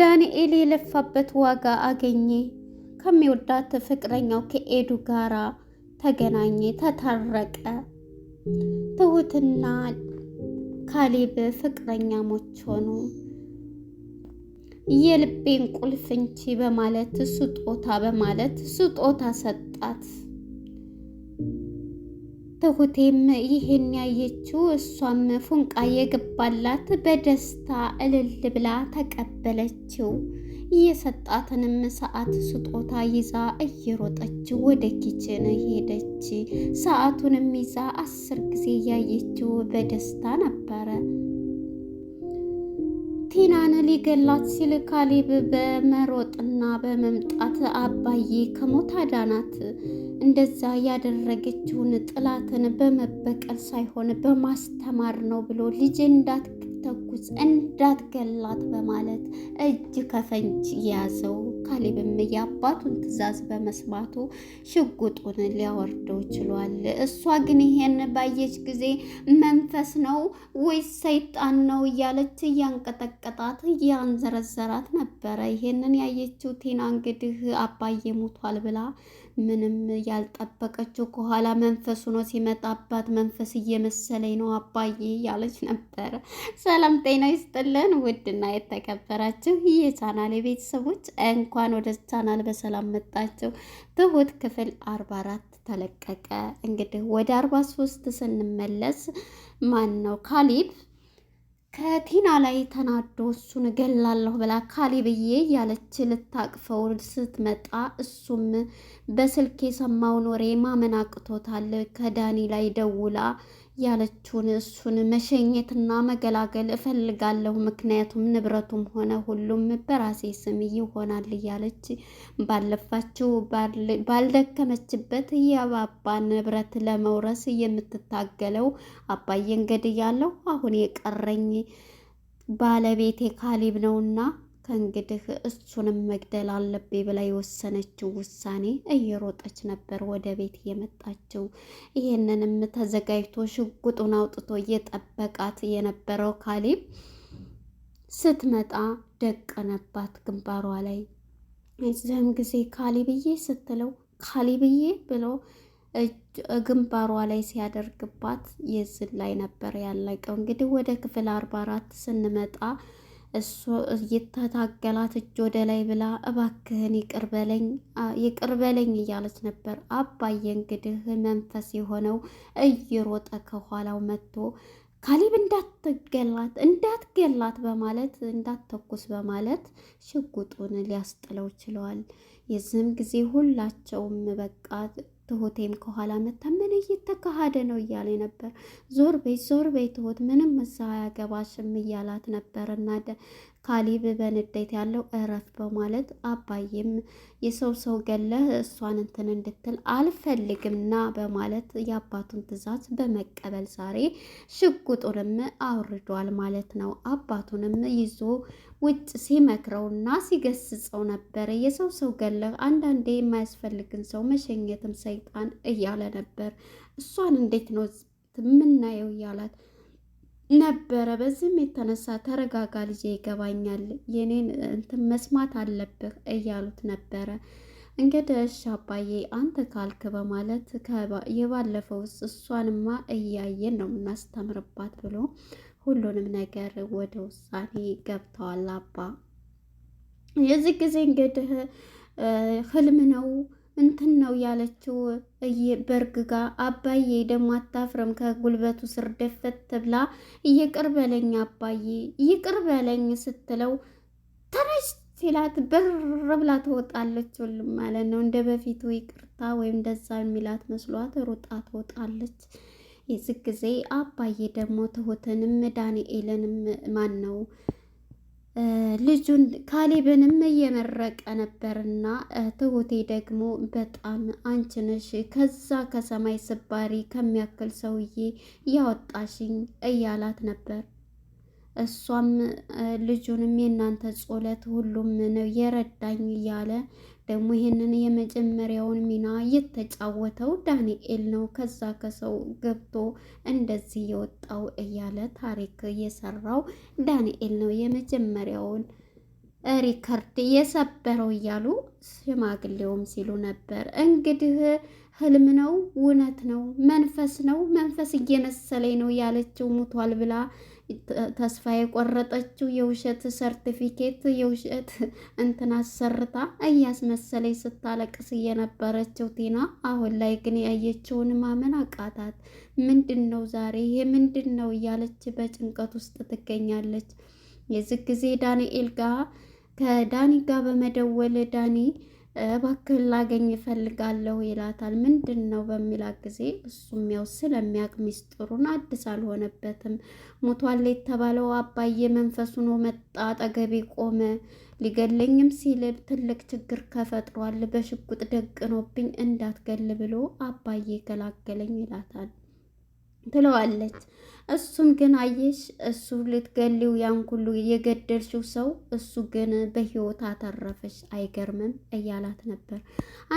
ዳንኤል የለፋበት ዋጋ አገኘ። ከሚወዳት ፍቅረኛው ከኤዱ ጋራ ተገናኘ፣ ተታረቀ። ትሁትና ካሌብ ፍቅረኛሞች ሆኑ። የልቤን ቁልፍ እንቺ በማለት ስጦታ በማለት ስጦታ ሰጣት። ትሁቴም ይሄን ያየችው እሷም ፉንቃ የገባላት በደስታ እልል ብላ ተቀበለችው። የሰጣትንም ሰዓት ስጦታ ይዛ እየሮጠች ወደ ኪችን ሄደች። ሰዓቱንም ይዛ አስር ጊዜ ያየችው በደስታ ነበረ። ቲናን ሊገላት ሲል ካሌብ በመሮጥና በመምጣት አባዬ ከሞት አዳናት። እንደዛ ያደረገችውን ጥላትን በመበቀል ሳይሆን በማስተማር ነው ብሎ ልጅ እንዳትተኩስ እንዳትገላት በማለት እጅ ከፈንጅ ያዘው። ካሌብም የአባቱን ትዕዛዝ በመስማቱ ሽጉጡን ሊያወርደው ችሏል። እሷ ግን ይሄን ባየች ጊዜ መንፈስ ነው ወይስ ሰይጣን ነው እያለች እያንቀጠቀጣት እያንዘረዘራት ነበረ። ይሄንን ያየችው ቴና እንግዲህ አባዬ ሞቷል ብላ ምንም ያልጠበቀችው ከኋላ መንፈስ ሆኖ ሲመጣባት መንፈስ እየመሰለኝ ነው አባዬ ያለች ነበረ። ሰላም ጤና ይስጥልን ውድና የተከበራችሁ የቻናል የቤተሰቦች እንኳን ወደ ቻናል በሰላም መጣችሁ። ትሁት ክፍል አርባ አራት ተለቀቀ። እንግዲህ ወደ አርባ ሶስት ስንመለስ ማን ነው ካሊብ ከቲና ላይ ተናዶ እሱን እገላለሁ ብላ ካሌብዬ ያለች ልታቅፈው ስትመጣ እሱም በስልክ የሰማውን ወሬ ማመን አቅቶታል። ከዳኒ ላይ ደውላ ያለችውን እሱን መሸኘትና መገላገል እፈልጋለሁ። ምክንያቱም ንብረቱም ሆነ ሁሉም በራሴ ስም ይሆናል እያለች ባለፋችው ባልደከመችበት የባባ ንብረት ለመውረስ የምትታገለው አባዬን ገድያለሁ፣ አሁን የቀረኝ ባለቤቴ ካሊብ ነውና ከእንግዲህ እሱንም መግደል አለብኝ ብላ የወሰነችው ውሳኔ እየሮጠች ነበር ወደ ቤት እየመጣችው። ይህንንም ተዘጋጅቶ ሽጉጡን አውጥቶ እየጠበቃት የነበረው ካሌብ ስትመጣ ደቀነባት ግንባሯ ላይ። እዚህም ጊዜ ካሌብዬ ስትለው ካሌብዬ ብሎ ግንባሯ ላይ ሲያደርግባት የዝን ላይ ነበር ያለቀው። እንግዲህ ወደ ክፍል አርባ አራት ስንመጣ እሱ እየተታገላት እጅ ወደ ላይ ብላ እባክህን ይቅርበለኝ ይቅርበለኝ እያለች ነበር። አባዬ እንግዲህ መንፈስ የሆነው እየሮጠ ከኋላው መጥቶ ካሊብ እንዳትገላት እንዳትገላት በማለት እንዳትተኩስ በማለት ሽጉጡን ሊያስጥለው ችለዋል። የዚህም ጊዜ ሁላቸውም በቃ ትሁቴም ከኋላ መታ ምን እየተካሄደ ነው እያለ ነበር። ዞር በይ ዞር በይ ትሁት ምንም እዛ አያገባሽም እያላት ነበር እና ካሊብ በንዴት ያለው እረፍ በማለት አባይም የሰው ሰው ገለህ እሷን እንትን እንድትል አልፈልግምና በማለት የአባቱን ትዕዛዝ በመቀበል ዛሬ ሽጉጡንም አውርዷል ማለት ነው። አባቱንም ይዞ ውጭ ሲመክረውና ሲገስጸው ነበር። የሰው ሰው ገለህ አንዳንዴ የማያስፈልግን ሰው መሸኘትም ሰይጣን እያለ ነበር። እሷን እንዴት ነው የምናየው እያላት ነበረ። በዚህም የተነሳ ተረጋጋ ልጄ፣ ይገባኛል የኔን እንትን መስማት አለብህ እያሉት ነበረ። እንግዲህ እሺ አባዬ አንተ ካልክ በማለት የባለፈው እሷንማ እያየን ነው የምናስተምርባት ብሎ ሁሉንም ነገር ወደ ውሳኔ ገብተዋል አባ። የዚህ ጊዜ እንግዲህ ህልም ነው እንትን ነው ያለችው በርግጋ አባዬ ደግሞ አታፍርም ከጉልበቱ ስር ደፈት ብላ ይቅር በለኝ አባዬ ይቅር በለኝ ስትለው ተነሽ ሲላት በር ብላ ትወጣለች። ሁሉም ማለት ነው እንደ በፊቱ ይቅርታ ወይም ደዛ የሚላት መስሏት ሩጣ ትወጣለች። የዚህ ጊዜ አባዬ ደግሞ ትሁትንም ዳንኤልንም ማን ነው ልጁን ካሌብንም እየመረቀ ነበርና ትሁቴ ደግሞ በጣም አንቺ ነሽ ከዛ ከሰማይ ስባሪ ከሚያክል ሰውዬ ያወጣሽኝ እያላት ነበር። እሷም ልጁንም የእናንተ ጾለት ሁሉም ነው የረዳኝ እያለ ደግሞ ይህንን የመጀመሪያውን ሚና የተጫወተው ዳንኤል ነው። ከዛ ከሰው ገብቶ እንደዚህ የወጣው እያለ ታሪክ የሰራው ዳንኤል ነው። የመጀመሪያውን ሪከርድ የሰበረው እያሉ ሽማግሌውም ሲሉ ነበር። እንግዲህ ህልም ነው፣ እውነት ነው፣ መንፈስ ነው፣ መንፈስ እየመሰለኝ ነው ያለችው ሙቷል ብላ ተስፋ የቆረጠችው የውሸት ሰርቲፊኬት የውሸት እንትን አሰርታ እያስመሰለች ስታለቅስ የነበረችው ቲና አሁን ላይ ግን ያየችውን ማመን አቃታት። ምንድን ነው ዛሬ ይሄ ምንድን ነው እያለች በጭንቀት ውስጥ ትገኛለች። የዚህ ጊዜ ዳንኤል ጋር ከዳኒ ጋር በመደወል ዳኒ እባክህ ላገኝ እፈልጋለሁ ይላታል። ምንድን ነው በሚላት ጊዜ እሱም ያው ስለሚያውቅ ሚስጥሩን አዲስ አልሆነበትም። ሞቷል የተባለው አባዬ መንፈሱን ነው መጣ፣ አጠገቤ ቆመ፣ ሊገለኝም ሲል ትልቅ ችግር ከፈጥሯል፣ በሽጉጥ ደቅኖብኝ እንዳትገል ብሎ አባዬ ገላገለኝ ይላታል። ትለዋለች። እሱም ግን አየሽ፣ እሱ ልትገሊው ያን ሁሉ የገደልሽው ሰው እሱ ግን በህይወት አተረፈሽ፣ አይገርምም እያላት ነበር።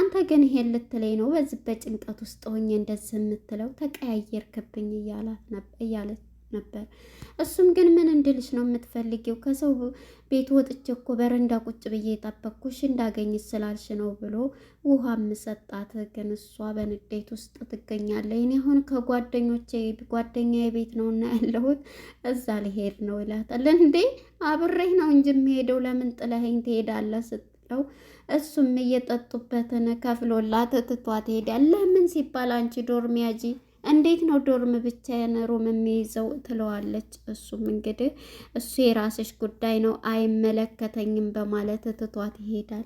አንተ ግን ይሄን ልትለይ ነው በዚህ በጭንቀት ውስጥ ሆኜ እንደዚህ የምትለው ተቀያየርክብኝ እያላት እያለች ነበር። እሱም ግን ምን እንድልሽ ነው የምትፈልጊው? ከሰው ቤት ወጥቼ እኮ በረንዳ ቁጭ ብዬ የጠበቅኩሽ እንዳገኝ ስላልሽ ነው ብሎ ውሃ ምሰጣት። ግን እሷ በንዴት ውስጥ ትገኛለች። እኔ አሁን ከጓደኞቼ ጓደኛዬ ቤት ነው እና ያለሁት እዛ ሊሄድ ነው ይላታል። እንዴ አብሬህ ነው እንጂ የምሄደው ለምን ጥለኸኝ ትሄዳለህ? ስትለው እሱም እየጠጡበትን ከፍሎላት ትቷት ትሄዳል። ለምን ሲባል አንቺ ዶርሚያጂ እንዴት ነው ዶርም ብቻዬን ሩም የሚይዘው ትለዋለች። እሱም እንግዲህ እሱ የራስሽ ጉዳይ ነው አይመለከተኝም በማለት ትቷት ይሄዳል።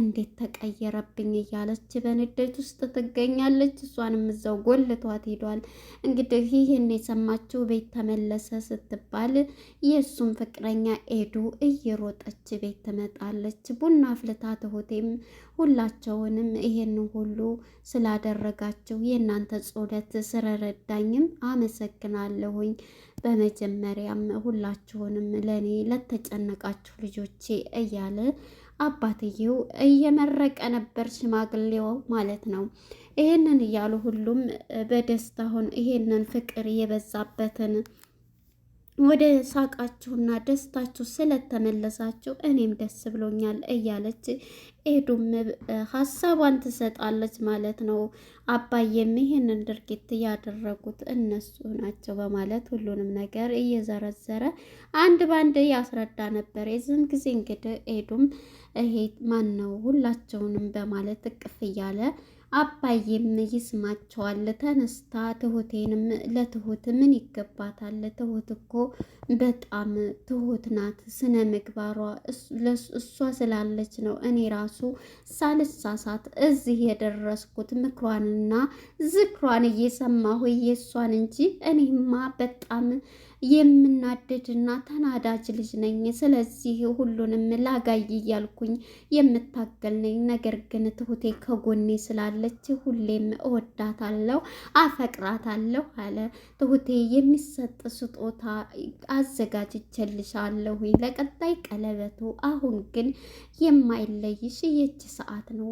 እንዴት ተቀየረብኝ እያለች በንዴት ውስጥ ትገኛለች። እሷንም እዛው ጎልቷት ሄዷል። እንግዲህ ይህን የሰማችው ቤት ተመለሰ ስትባል የእሱም ፍቅረኛ ኤዱ እየሮጠች ቤት ትመጣለች። ቡና አፍልታ ትሁቴም ሁላቸውንም ይሄን ሁሉ ስላደረጋችሁ የእናንተ ጸሎት ስረረዳኝም አመሰግናለሁኝ። በመጀመሪያም ሁላችሁንም ለእኔ ለተጨነቃችሁ ልጆቼ እያለ አባትየው እየመረቀ ነበር ሽማግሌው ማለት ነው። ይሄንን እያሉ ሁሉም በደስታ አሁን ይሄንን ፍቅር የበዛበትን ወደ ሳቃችሁና ደስታችሁ ስለተመለሳችሁ እኔም ደስ ብሎኛል እያለች ኤዱም ሀሳቧን ትሰጣለች ማለት ነው። አባዬም ይህንን ድርጊት ያደረጉት እነሱ ናቸው በማለት ሁሉንም ነገር እየዘረዘረ አንድ ባንድ ያስረዳ ነበር። የዝን ጊዜ እንግዲህ ኤዱም ይሄ ማን ነው ሁላቸውንም በማለት እቅፍ እያለ አባዬም ይስማቸዋል። ተነስታ ትሁቴንም ለትሁት ምን ይገባታል? ትሁት እኮ በጣም ትሁት ናት። ስነ ምግባሯ እሷ ስላለች ነው እኔ ራሱ ሳልሳሳት እዚህ የደረስኩት። ምክሯንና ዝክሯን እየሰማሁ የእሷን እንጂ እኔማ በጣም የምናደድና ተናዳጅ ልጅ ነኝ። ስለዚህ ሁሉንም ላጋይ እያልኩኝ የምታገል ነኝ። ነገር ግን ትሁቴ ከጎኔ ስላለች ሁሌም እወዳታለሁ፣ አፈቅራታለሁ አለ። ትሁቴ የሚሰጥ ስጦታ አዘጋጅቼልሻለሁ ለቀጣይ ቀለበቱ። አሁን ግን የማይለይሽ የእጅ ሰዓት ነው።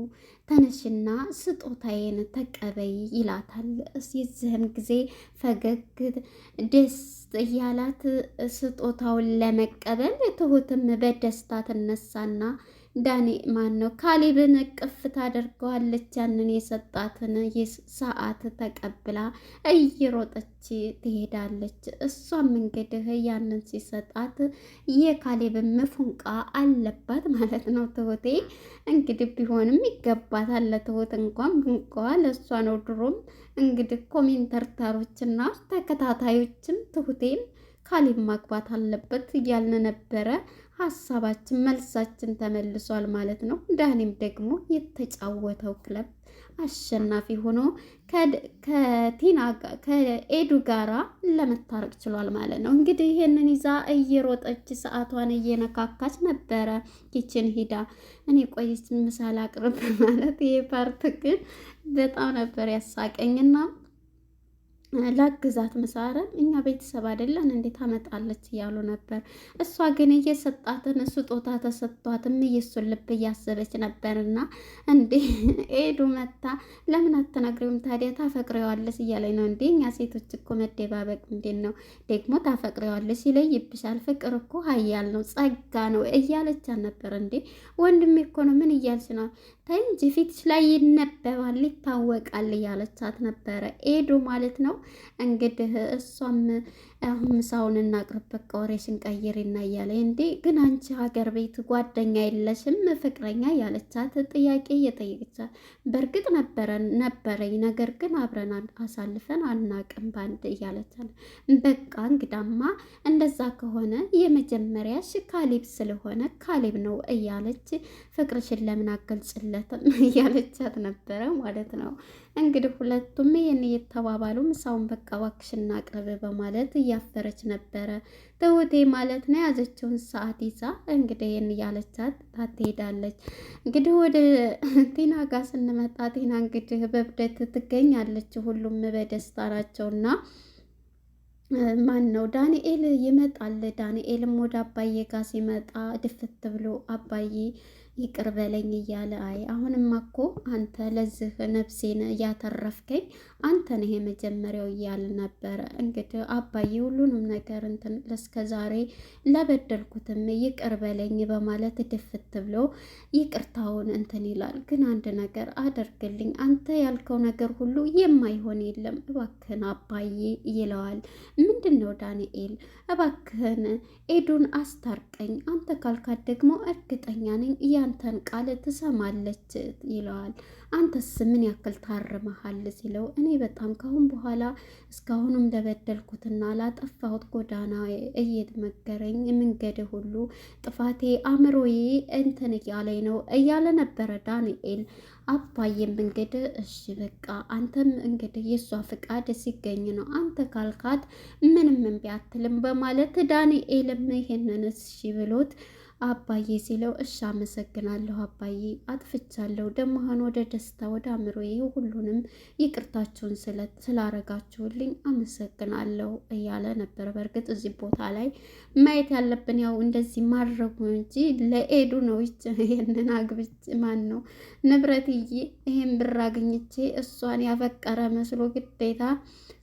ተነሽና ስጦታዬን ተቀበይ ይላታል። የዚህም ጊዜ ፈገግ ደስ እያላት ስጦታውን ለመቀበል ትሁትም በደስታ ትነሳና ዳኔ ማን ነው ካሊብን ቅፍታ ታደርገዋለች። ያንን የሰጣትን ሰዓት ተቀብላ እየሮጠች ትሄዳለች። እሷም እንግዲህ ያንን ሲሰጣት የካሊብን ምፉንቃ አለባት ማለት ነው። ትሁቴ እንግዲህ ቢሆንም ይገባታል ትሁት እንኳን ብንቋ ለእሷ ነው። ድሮም እንግዲህ ኮሜንተርተሮችና ተከታታዮችም ትሁቴም ካሊብ ማግባት አለበት እያልን ነበረ። ሀሳባችን መልሳችን ተመልሷል ማለት ነው። ዳኒም ደግሞ የተጫወተው ክለብ አሸናፊ ሆኖ ከቲና ከኤዱ ጋራ ለመታረቅ ችሏል ማለት ነው። እንግዲህ ይሄንን ይዛ እየሮጠች ሰዓቷን እየነካካች ነበረ ኪችን ሂዳ እኔ ቆይችን ምሳሌ አቅርብ ማለት ይሄ ፓርት ግን በጣም ነበር ያሳቀኝና ላግዛት ምሳረን እኛ ቤተሰብ አይደለን እንዴት ታመጣለች እያሉ ነበር። እሷ ግን እየሰጣትን ስጦታ ተሰጥቷትም እየሱን ልብ እያሰበች ነበርና እንዴ ኤዱ መታ ለምን አትነግሪውም ታዲያ ታፈቅሪዋለች እያለኝ ነው። እንዴ እኛ ሴቶች እኮ መደባበቅ እንዴት ነው ደግሞ ታፈቅሪዋለች ይለይብሻል። ፍቅር እኮ ሀያል ነው ጸጋ ነው እያለች ነበር። እንዴ ወንድሜ እኮ ነው ምን እያልሽ ነው? ተይ እንጂ ፊትሽ ላይ ይነበባል ይታወቃል እያለቻት ነበረ ኤዱ ማለት ነው። እንግዲህ እሷም አሁን ምሳውን እናቅርብ በቃ ወሬሽን ቀይሪና እያለ እንዴ ግን አንቺ ሀገር ቤት ጓደኛ የለሽም ፍቅረኛ ያለቻት ጥያቄ እየጠየቀቻት በእርግጥ ነበረ ነበረኝ ነገር ግን አብረን አሳልፈን አናቅም ባንድ እያለቻ በቃ እንግዳማ እንደዛ ከሆነ የመጀመሪያሽ ካሌብ ስለሆነ ካሌብ ነው እያለች ፍቅርሽን ለምን አገልጽለትም እያለቻት ነበረ ማለት ነው እንግዲህ ሁለቱም ይህን እየተባባሉ ምሳውን በቃ እባክሽን እናቅርብ በማለት እያፈረች ነበረ። ትሁቴ ማለት ነው የያዘችውን ሰዓት ይዛ እንግዲህ ይህን እያለቻት ትሄዳለች። እንግዲህ ወደ ቲና ጋር ስንመጣ ቲና እንግዲህ በብደት ትገኛለች። ሁሉም በደስታ ናቸውና ማን ነው ዳንኤል ይመጣል። ዳንኤልም ወደ አባዬ ጋር ሲመጣ ድፍት ብሎ አባዬ ይቅር በለኝ እያለ አይ አሁንማ እኮ አንተ ለዚህ ነፍሴን እያተረፍከኝ አንተ ነህ የመጀመሪያው እያለ ነበረ። እንግዲህ አባዬ ሁሉንም ነገር እንትን እስከ ዛሬ ለበደልኩትም ይቅር በለኝ በማለት ድፍት ብሎ ይቅርታውን እንትን ይላል። ግን አንድ ነገር አደርግልኝ፣ አንተ ያልከው ነገር ሁሉ የማይሆን የለም እባክህን አባዬ ይለዋል። ምንድን ነው ዳንኤል፣ እባክህን ኤዱን አስታርቀኝ፣ አንተ ካልካት ደግሞ እርግጠኛ ነኝ ያንተን ቃል ትሰማለች ይለዋል። አንተስ ምን ያክል ታርመሃል ሲለው እኔ በጣም ካሁን በኋላ እስካሁንም ለበደልኩትና ላጠፋሁት ጎዳና እየመገረኝ መንገድ ሁሉ ጥፋቴ አእምሮዬ እንትን እያለኝ ነው እያለ ነበረ ዳንኤል። አባዬም እንግዲህ እሺ በቃ አንተም እንግዲህ የእሷ ፍቃድ ሲገኝ ነው አንተ ካልካት ምንም እምቢ አትልም በማለት ዳንኤልም ይሄንን እሺ ብሎት አባዬ ሲለው እሺ አመሰግናለሁ አባዬ አጥፍቻለሁ፣ ደግሞ ወደ ደስታ ወደ አእምሮዬ ሁሉንም ይቅርታችሁን ስላረጋችሁልኝ አመሰግናለሁ እያለ ነበር። በእርግጥ እዚህ ቦታ ላይ ማየት ያለብን ያው እንደዚህ ማድረጉ እንጂ ለኤዱ ነው። ይች ይህንን አግብች ማን ነው ንብረትዬ፣ ይህን ብር አግኝቼ እሷን ያፈቀረ መስሎ ግዴታ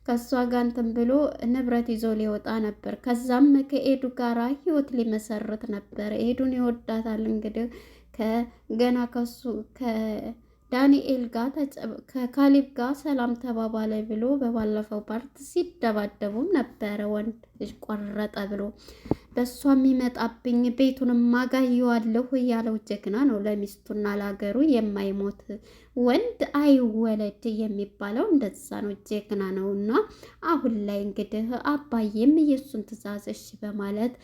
ከእሷ ጋር እንትን ብሎ ንብረት ይዞ ሊወጣ ነበር። ከዛም ከኤዱ ጋር ህይወት ሊመሰርት ነበር። ኤዱን ይወዳታል እንግዲህ ከገና ከሱ ከዳንኤል ጋር ከካሊብ ጋር ሰላም ተባባለ ብሎ በባለፈው ፓርት ሲደባደቡም ነበረ። ወንድ ልጅ ቆረጠ ብሎ በእሷ የሚመጣብኝ ቤቱንም አጋየዋለሁ እያለው ጀግና ነው። ለሚስቱና ለሀገሩ የማይሞት ወንድ አይወለድ የሚባለው እንደዛ ነው፣ ጀግና ነው። እና አሁን ላይ እንግዲህ አባዬም የእሱን ትዕዛዝ እሺ በማለት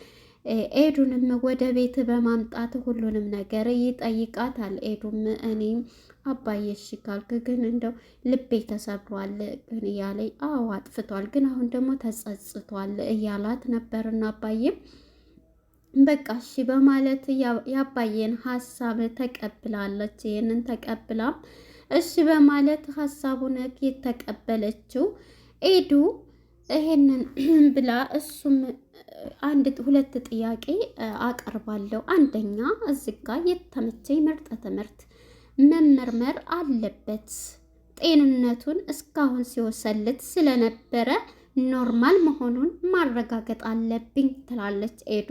ኤዱንም ወደ ቤት በማምጣት ሁሉንም ነገር ይጠይቃታል። ኤዱም እኔ አባዬ እሺ ካልክ ግን እንደው ልቤ ተሰብሯል፣ ግን እያለኝ አዎ አጥፍቷል፣ ግን አሁን ደግሞ ተጸጽቷል እያላት ነበርና አባዬም በቃ እሺ በማለት ያባየን ሀሳብ ተቀብላለች። ይህንን ተቀብላም እሺ በማለት ሀሳቡን የተቀበለችው ኤዱ ይሄንን ብላ እሱም አንድ ሁለት ጥያቄ አቀርባለሁ። አንደኛ እዚህ ጋ የተመቸኝ ምርጥ ትምህርት መመርመር አለበት ጤንነቱን እስካሁን ሲወሰልት ስለነበረ ኖርማል መሆኑን ማረጋገጥ አለብኝ ትላለች ኤዱ።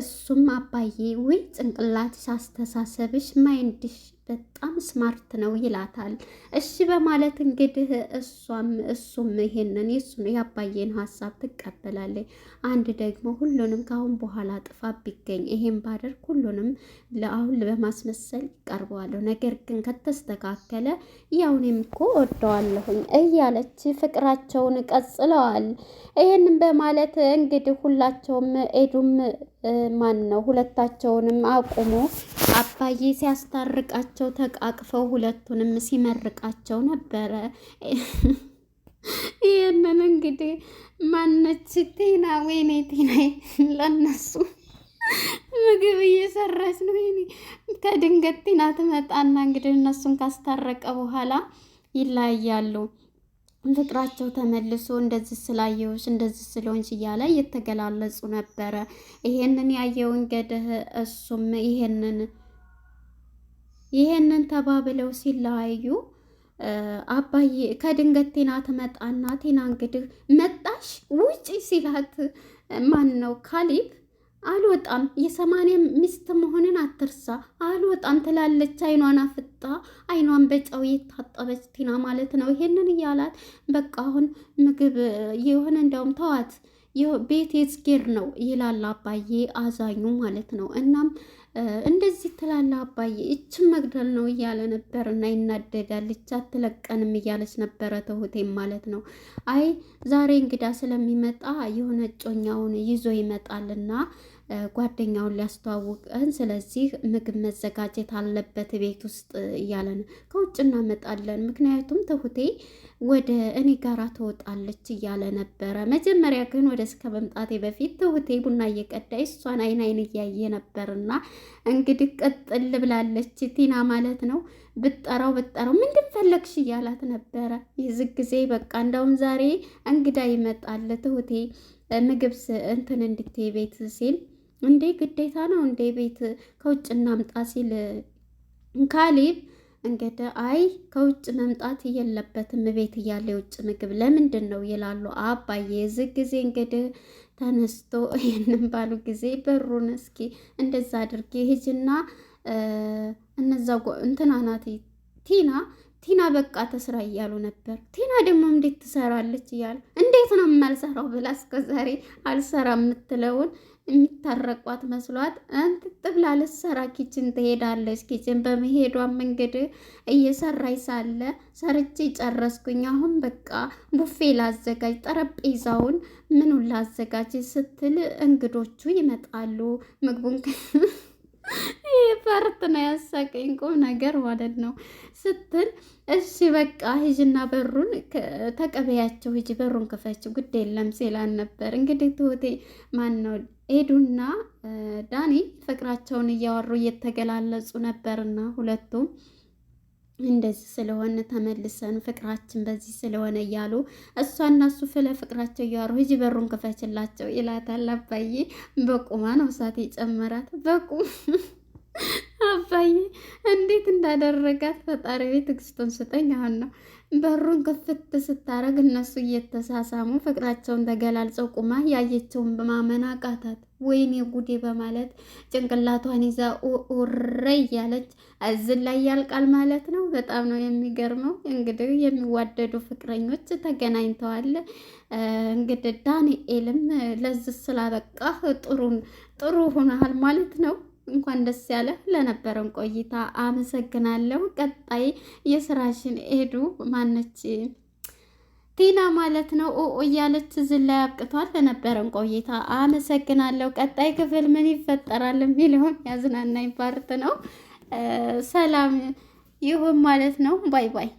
እሱም አባዬ ወይ ጭንቅላት ሳስተሳሰብሽ ማይንድሽ በጣም ስማርት ነው ይላታል። እሺ በማለት እንግዲህ እሷም እሱም ይሄንን የሱን የአባዬን ሀሳብ ትቀበላለች። አንድ ደግሞ ሁሉንም ከአሁን በኋላ ጥፋ ቢገኝ ይሄን ባደርግ ሁሉንም ለአሁን በማስመሰል ይቀርበዋለሁ፣ ነገር ግን ከተስተካከለ ያው እኔም እኮ ወደዋለሁኝ እያለች ፍቅራቸውን ቀጽለዋል። ይሄንን በማለት እንግዲህ ሁላቸውም ኤዱም ማን ነው ሁለታቸውንም አቁሞ አባዬ ሲያስታርቃቸው ተቃቅፈው ሁለቱንም ሲመርቃቸው ነበረ። ይህንን እንግዲህ ማነች ቴና ወይኔ ቴና ለነሱ ምግብ እየሰራች ነው። ወይኔ ከድንገት ቴና ትመጣና እንግዲህ እነሱን ካስታረቀ በኋላ ይለያሉ። ፍቅራቸው ተመልሶ እንደዚህ ስላየሁሽ እንደዚህ ስለሆንሽ እያለ እየተገላለጹ ነበረ። ይሄንን ያየው እንግዲህ እሱም ይሄንን ይሄንን ተባብለው ሲለያዩ አባዬ ከድንገት ቴና ትመጣና ቴና እንግዲህ መጣሽ ውጪ ሲላት ማን ነው ካሊብ አልወጣም የሰማንያ ሚስት መሆንን አትርሳ፣ አልወጣም ትላለች። አይኗን አፍጣ አይኗን በጨው የታጠበች ቲና ማለት ነው። ይሄንን እያላት በቃ አሁን ምግብ የሆነ እንዲያውም ተዋት ቤት የጽጌር ነው ይላል አባዬ አዛኙ ማለት ነው። እናም እንደዚህ ትላለ አባዬ እችም መግደል ነው እያለ ነበር እና ይናደዳል። እች አትለቀንም እያለች ነበረ ትሁቴም ማለት ነው። አይ ዛሬ እንግዳ ስለሚመጣ የሆነ እጮኛውን ይዞ ይመጣልና ጓደኛውን ሊያስተዋውቀን፣ ስለዚህ ምግብ መዘጋጀት አለበት ቤት ውስጥ እያለ ነው። ከውጭ እናመጣለን፣ ምክንያቱም ትሁቴ ወደ እኔ ጋራ ትወጣለች እያለ ነበረ። መጀመሪያ ግን ወደ እስከ መምጣቴ በፊት ትሁቴ ቡና እየቀዳይ እሷን አይን አይን እያየ ነበርና እንግዲህ ቀጥል ብላለች ቲና ማለት ነው። ብጠራው ብጠራው ምንድን ፈለግሽ እያላት ነበረ። ይህ ጊዜ በቃ እንዳውም ዛሬ እንግዳ ይመጣል ትሁቴ ምግብ እንትን እንድትይ ቤት ሲል እንዴ ግዴታ ነው እንዴ ቤት ከውጭ እናምጣ ሲል ካሊብ እንግዲህ አይ ከውጭ መምጣት የለበትም ቤት እያለ የውጭ ምግብ ለምንድን ነው ይላሉ አባዬ። የዚህ ጊዜ እንግዲህ ተነስቶ ይህንን ባሉ ጊዜ በሩን እስኪ እንደዛ አድርጌ ሂጂና እነዛ እንትናናት ቲና ቲና በቃ ተስራ እያሉ ነበር። ቲና ደግሞ እንዴት ትሰራለች እያሉ እንዴት ነው የማልሰራው ብላ እስከዛሬ አልሰራ የምትለውን የሚታረቋት መስሏት አንት ብላ ልትሰራ ኪችን ትሄዳለች። ኪችን በመሄዷ መንገድ እየሰራች ሳለ ሰርቼ ጨረስኩኝ፣ አሁን በቃ ቡፌ ላዘጋጅ፣ ጠረጴዛውን ምኑን ላዘጋጅ ስትል እንግዶቹ ይመጣሉ ምግቡን ይህ ፈርት ነው ያሳቀኝ ቁም ነገር ማለት ነው ስትል እሺ በቃ ሂጂና በሩን ተቀበያቸው፣ ሂጂ በሩን ክፈችው፣ ግድ የለም ሲላን ነበር። እንግዲህ ትሁቴ ማን ነው ኤዱና ዳኒ ፍቅራቸውን እያወሩ እየተገላለጹ ነበርና ሁለቱም እንደዚህ ስለሆነ ተመልሰን ፍቅራችን በዚህ ስለሆነ እያሉ እሷና እሱ ስለ ፍቅራቸው እያወሩ ሂጂ በሩን ክፈችላቸው ይላታል። አባዬ በቁማ ነው እሳት የጨመራት በቁም አባዬ እንዴት እንዳደረጋት ፈጣሪ ቤት ትዕግስቱን ስጠኝ። አሁን ነው በሩን ክፍት ስታረግ እነሱ እየተሳሳሙ ፍቅራቸውን ተገላልጸው ቁማ ያየችውን በማመን አቃታት። ወይኔ ጉዴ በማለት ጭንቅላቷን ይዛ ኡረ እያለች እዝን ላይ ያልቃል ማለት ነው። በጣም ነው የሚገርመው። እንግዲህ የሚዋደዱ ፍቅረኞች ተገናኝተዋል። እንግዲህ ዳንኤልም ለዚህ ስላበቃ ጥሩን ጥሩ ሆነሃል ማለት ነው። እንኳን ደስ ያለ። ለነበረን ቆይታ አመሰግናለሁ። ቀጣይ የስራሽን ኤዱ ማነች ቲና ማለት ነው ኦ እያለች ላይ አብቅቷል ለነበረን ቆይታ አመሰግናለሁ። ቀጣይ ክፍል ምን ይፈጠራል የሚለውን ያዝናናኝ ፓርት ነው። ሰላም ይሁን ማለት ነው። ባይ ባይ